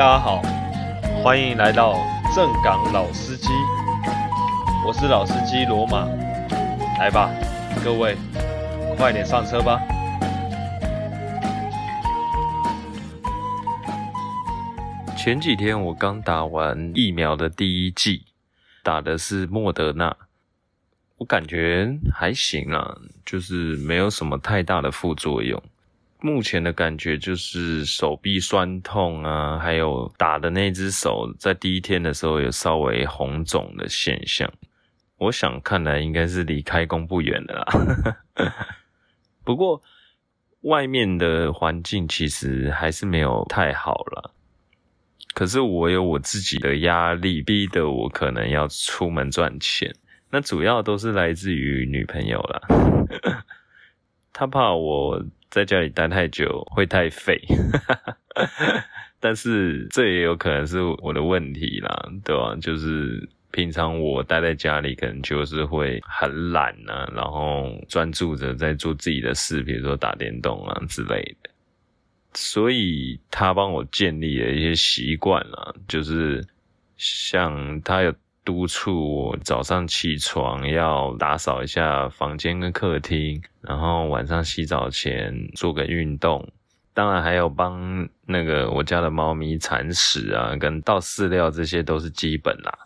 大家好，歡迎來到正港老司機，我是老司機羅馬，來吧，各位，快點上車吧。前幾天我剛打完疫苗的第一劑，打的是莫德納，我感覺還行啊，就是沒有什麼太大的副作用。目前的感覺就是手臂酸痛啊，還有打的那隻手，在第一天的時候有稍微紅腫的現象。我想看來應該是離開工不遠了啦。 不過外面的環境其實還是沒有太好啦。可是我有我自己的壓力，逼得我可能要出門賺錢。那主要都是來自於女朋友啦。 他怕我在家裡待太久會太廢， 但是這也有可能是我的問題啦，對吧、啊？就是平常我待在家裡，可能就是會很懶啊，然後專注着在做自己的事，比如說打電動啊之類的。所以他幫我建立了一些習慣啊，就是像他有，督促我早上起床要打掃一下房間跟客廳，然後晚上洗澡前做個運動，當然還有幫那個我家的貓咪鏟屎啊，跟倒飼料，這些都是基本啦、啊。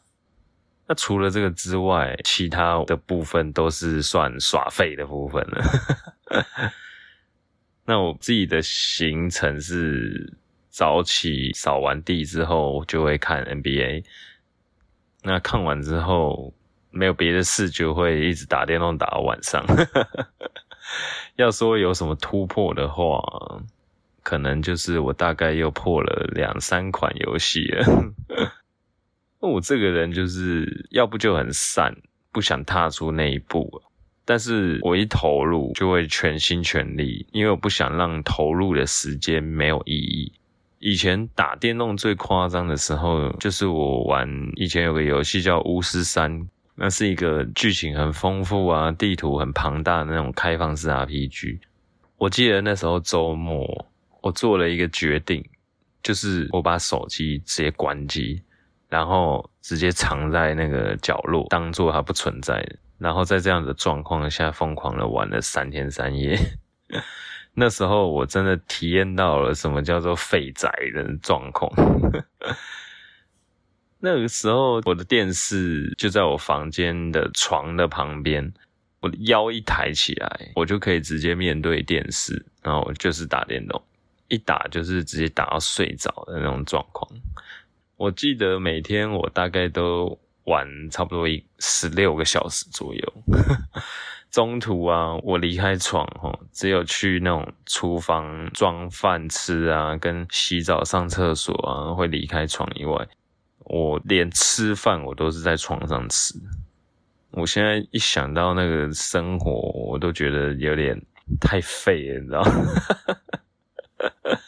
那除了這個之外，其他的部分都是算耍廢的部分了。 那我自己的行程是早起掃完地之後，就會看 NBA。那看完之後，沒有別的事，就會一直打電動打到晚上。 要說有什麼突破的話，可能就是我大概又破了兩三款遊戲了。 我這個人就是要不就很散，不想踏出那一步。但是我一投入，就會全心全力，因為我不想讓投入的時間沒有意義。以前打電動最誇張的時候，就是我玩以前有個遊戲叫《巫師三》，那是一個劇情很豐富啊、地圖很龐大的那種開放式 RPG。我記得那時候周末，我做了一個決定，就是我把手機直接關機，然後直接藏在那個角落，當作它不存在。然後在這樣的狀況下，瘋狂的玩了三天三夜。那時候我真的體驗到了什麼叫做廢宅的狀況。 那個時候我的電視就在我房間的床的旁邊，我的腰一抬起來，我就可以直接面對電視，然後就是打電動，一打就是直接打到睡着的那種狀況。我記得每天我大概都玩差不多十六個小時左右。 中途啊，我離開床吼，只有去那種廚房裝飯吃啊，跟洗澡、上廁所啊，會離開床以外，我連吃飯我都是在床上吃。我現在一想到那個生活，我都覺得有點太廢了，你知道嗎？哈哈哈。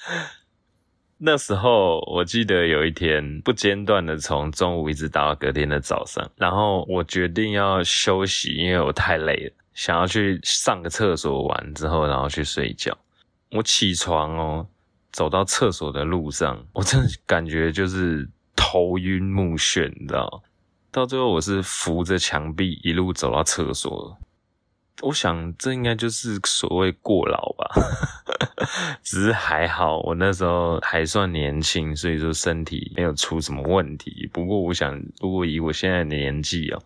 那時候我記得有一天不間斷的從中午一直打到隔天的早上，然後我決定要休息，因為我太累了。想要去上個廁所，完之後然後去睡覺。我起床哦，走到廁所的路上，我真的感覺就是頭暈目眩，你知道？到最後我是扶着牆壁一路走到廁所。我想這應該就是所謂過勞吧。 只是還好我那時候還算年輕，所以說身體沒有出什麼問題。不過我想，如果以我現在的年紀哦，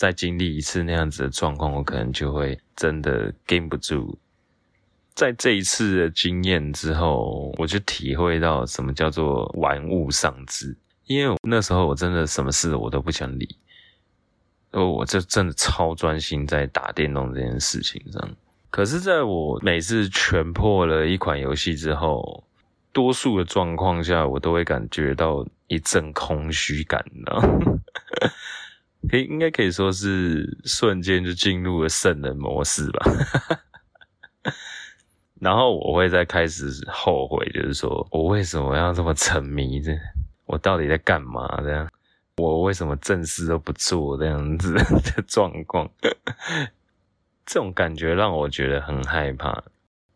再經歷一次那樣子的狀況，我可能就會真的 game 不住。在這一次的經驗之後，我就體會到什麼叫做玩物喪志。因為那時候我真的什麼事我都不想理，我就真的超專心在打電動這件事情上。可是，在我每次全破了一款遊戲之後，多數的狀況下，我都會感覺到一陣空虛感呢。 可以，應該可以說是瞬間就進入了聖人模式吧。然後我會再開始後悔，就是說我為什麼要這麼沉迷這樣？我到底在幹嘛？這樣，我為什麼正事都不做？這樣子的狀況，這種感覺讓我覺得很害怕，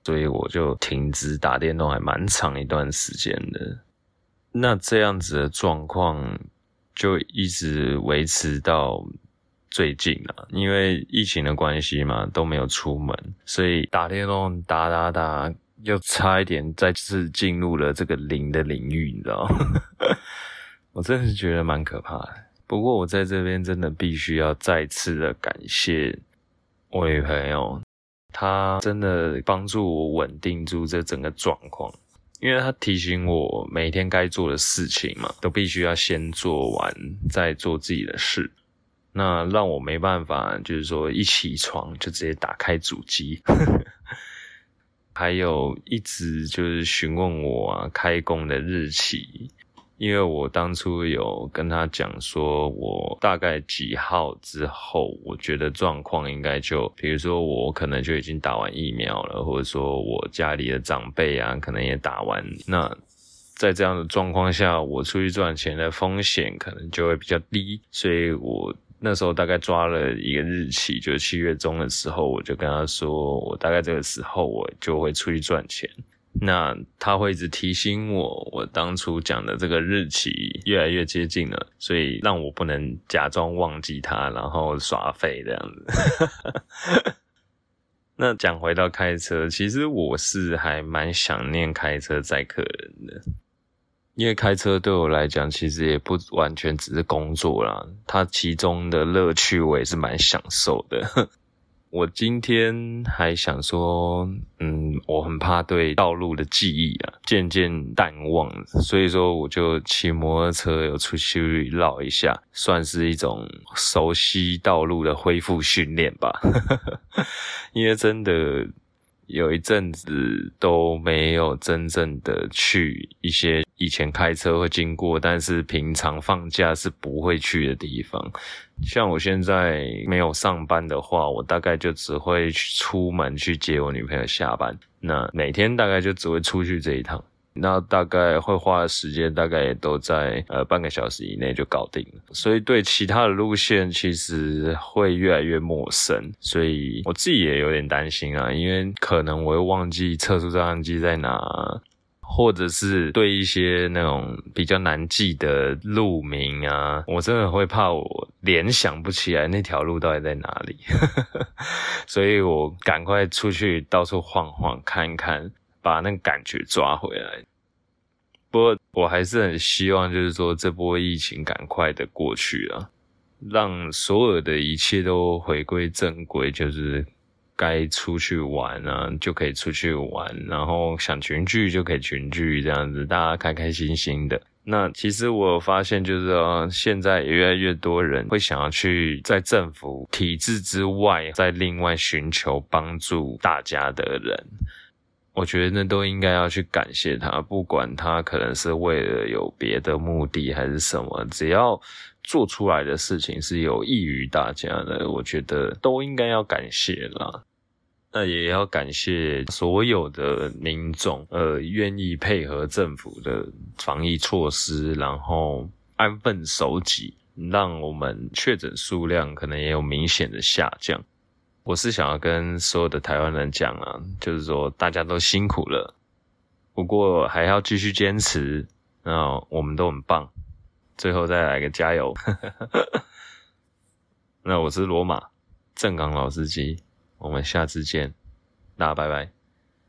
所以我就停止打電動，還蠻長一段時間的。那這樣子的狀況。就一直維持到最近了，因為疫情的關係嘛，都沒有出門，所以打電動，打打打，又差一點再次進入了這個零的領域，你知道嗎？ 我真的是覺得蠻可怕的。不過我在這邊真的必須要再次的感謝我女朋友，她真的幫助我穩定住這整個狀況。因為他提醒我每天該做的事情嘛，都必須要先做完再做自己的事，那讓我沒辦法，就是說一起床就直接打開主機， 還有一直就是詢問我啊，開工的日期。因為我當初有跟他講說，我大概幾號之後，我覺得狀況應該就，比如說我可能就已經打完疫苗了，或者說我家裡的長輩啊，可能也打完。那在這樣的狀況下，我出去賺錢的風險可能就會比較低。所以我那時候大概抓了一個日期，就七月中的時候，我就跟他說，我大概這個時候我就會出去賺錢。那他會一直提醒我，我當初講的這個日期越來越接近了，所以讓我不能假裝忘記他，然後耍廢這樣子。 那講回到開車，其實我是還蠻想念開車載客人的，因為開車對我來講，其實也不完全只是工作啦，它其中的樂趣我也是蠻享受的。我今天還想說，嗯，我很怕對道路的記憶啊，漸漸淡忘，所以說我就騎摩托車有出去繞一下，算是一種熟悉道路的恢復訓練吧。 因為真的。有一陣子都沒有真正的去一些以前開車會經過，但是平常放假是不會去的地方。像我現在沒有上班的話，我大概就只會出門去接我女朋友下班。那每天大概就只會出去這一趟。那大概會花的時間，大概也都在呃半個小時以內就搞定了。所以對其他的路線，其實會越來越陌生。所以我自己也有點擔心啊，因為可能我會忘記測速照相機在哪啊，或者是對一些那種比較難記的路名啊，我真的會怕我聯想不起來那條路到底在哪裡。呵呵呵。所以我趕快出去到處晃晃看看。把那個感覺抓回來。不過我還是很希望，就是說這波疫情趕快的過去啊，讓所有的一切都回歸正軌，就是該出去玩啊就可以出去玩，然後想群聚就可以群聚，這樣子大家開開心心的。那其實我發現，就是說、啊、現在越來越多人會想要去在政府體制之外，再另外尋求幫助大家的人。我覺得那都應該要去感謝他，不管他可能是為了有別的目的還是什麼，只要做出來的事情是有益於大家的，我覺得都應該要感謝啦。那，呃，也要感謝所有的民眾，呃，願意配合政府的防疫措施，然後安分守己，讓我們確診數量可能也有明顯的下降。我是想要跟所有的台灣人講啊，就是說大家都辛苦了，不過還要繼續堅持，那我們都很棒，最後再來個加油。 那我是羅馬正港老司機，我們下次見，那大家拜拜。